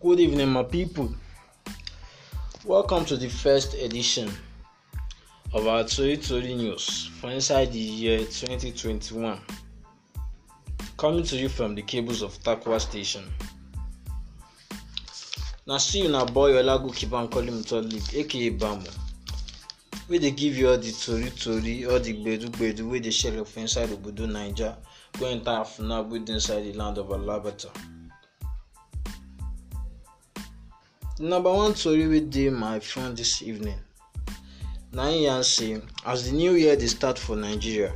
Good evening, my people. Welcome to the first edition of our Tori Tori News for inside the year 2021. Coming to you from the cables of Takwa Station. Now, see you now, boy, Olagu Kiban calling him to leave, aka Bamu. We they give you all the Tori Tori, all the Bedu Bedu, where they share for inside the Obodo Niger, going to have now inside the land of Alabata. number one tori wey dey my front this evening na im yarn say as the new year dey start for nigeria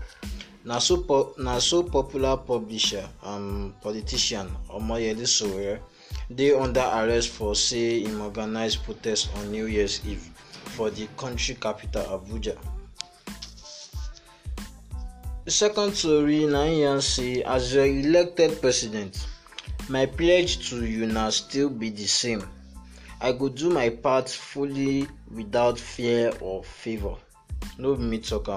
na so na so popular publisher and um, politician omoyele sowore dey under arrest for say im organise protest on new year's eve for di kontri capital abuja di second tori na im yarn say as your elected president my pledge to you na still be di same I could do my part fully without fear or favour. No me talk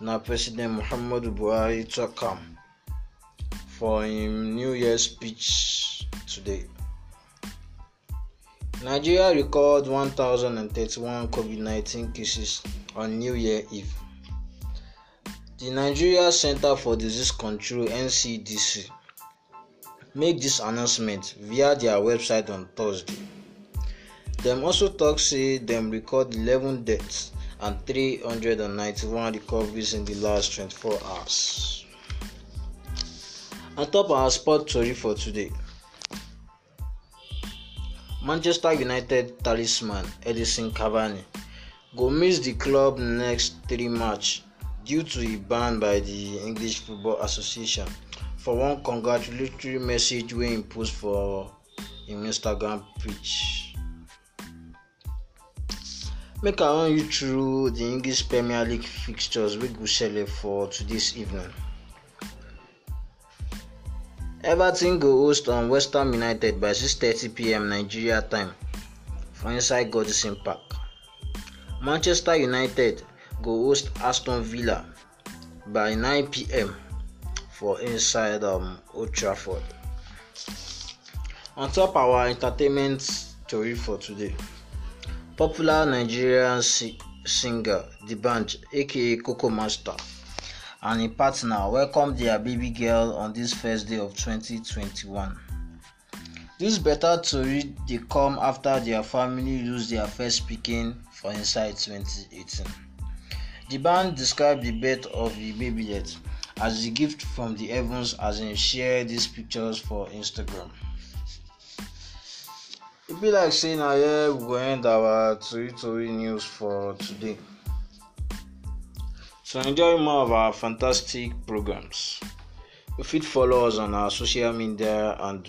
na President Muhammadu Buhari talk come for his New Year speech today. Nigeria recorded 1031 COVID-19 cases on New Year Eve. The Nigeria Center for Disease Control NCDC made this announcement via their website on Thursday. Dem also tok say dem record 11 deaths and 391 recoveries in di last 24 hours. On top our sport tori for today. Manchester United talisman Edison Cavani go miss di club next three match due to a ban by di English Football Association for one congratulatory message wey im post for im Instagram page make i run you through the english premier league fixtures wey go shele for today's evening everton go host on west ham united by 6:30pm nigeria time for inside godison park manchester united go host aston villa by 9pm for inside um, old trafford on top our entertainment tori for today popular Nigerian si- singer The Band, aka Coco Master, and a partner welcomed their baby girl on this first day of 2021. This better tori dey come after their family lose their first pikin for inside 2018. The band described the birth of the babylet as a gift from the heavens as in share these pictures for Instagram. It be like saying, I ah, yeah, we go end our Tori Tori news for today. So enjoy more of our fantastic programs. You fit follow us on our social media and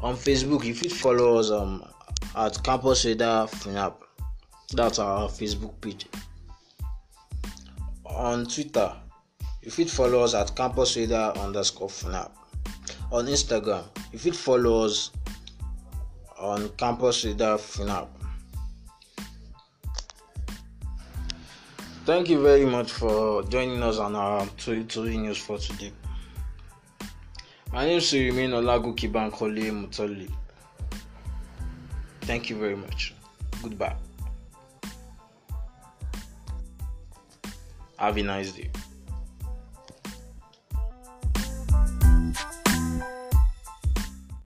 on Facebook. You fit follow us um, at Campus Radar finap That's our Facebook page. On Twitter, you fit follow us at Campus Radar underscore FNAP. On Instagram, you fit follow us on campus leader FUNAP. Thank you very much for joining us on our Tori news for today. My name is Sirimin Olagoki Bankole Mutoli. Thank you very much. Goodbye. Have a nice day.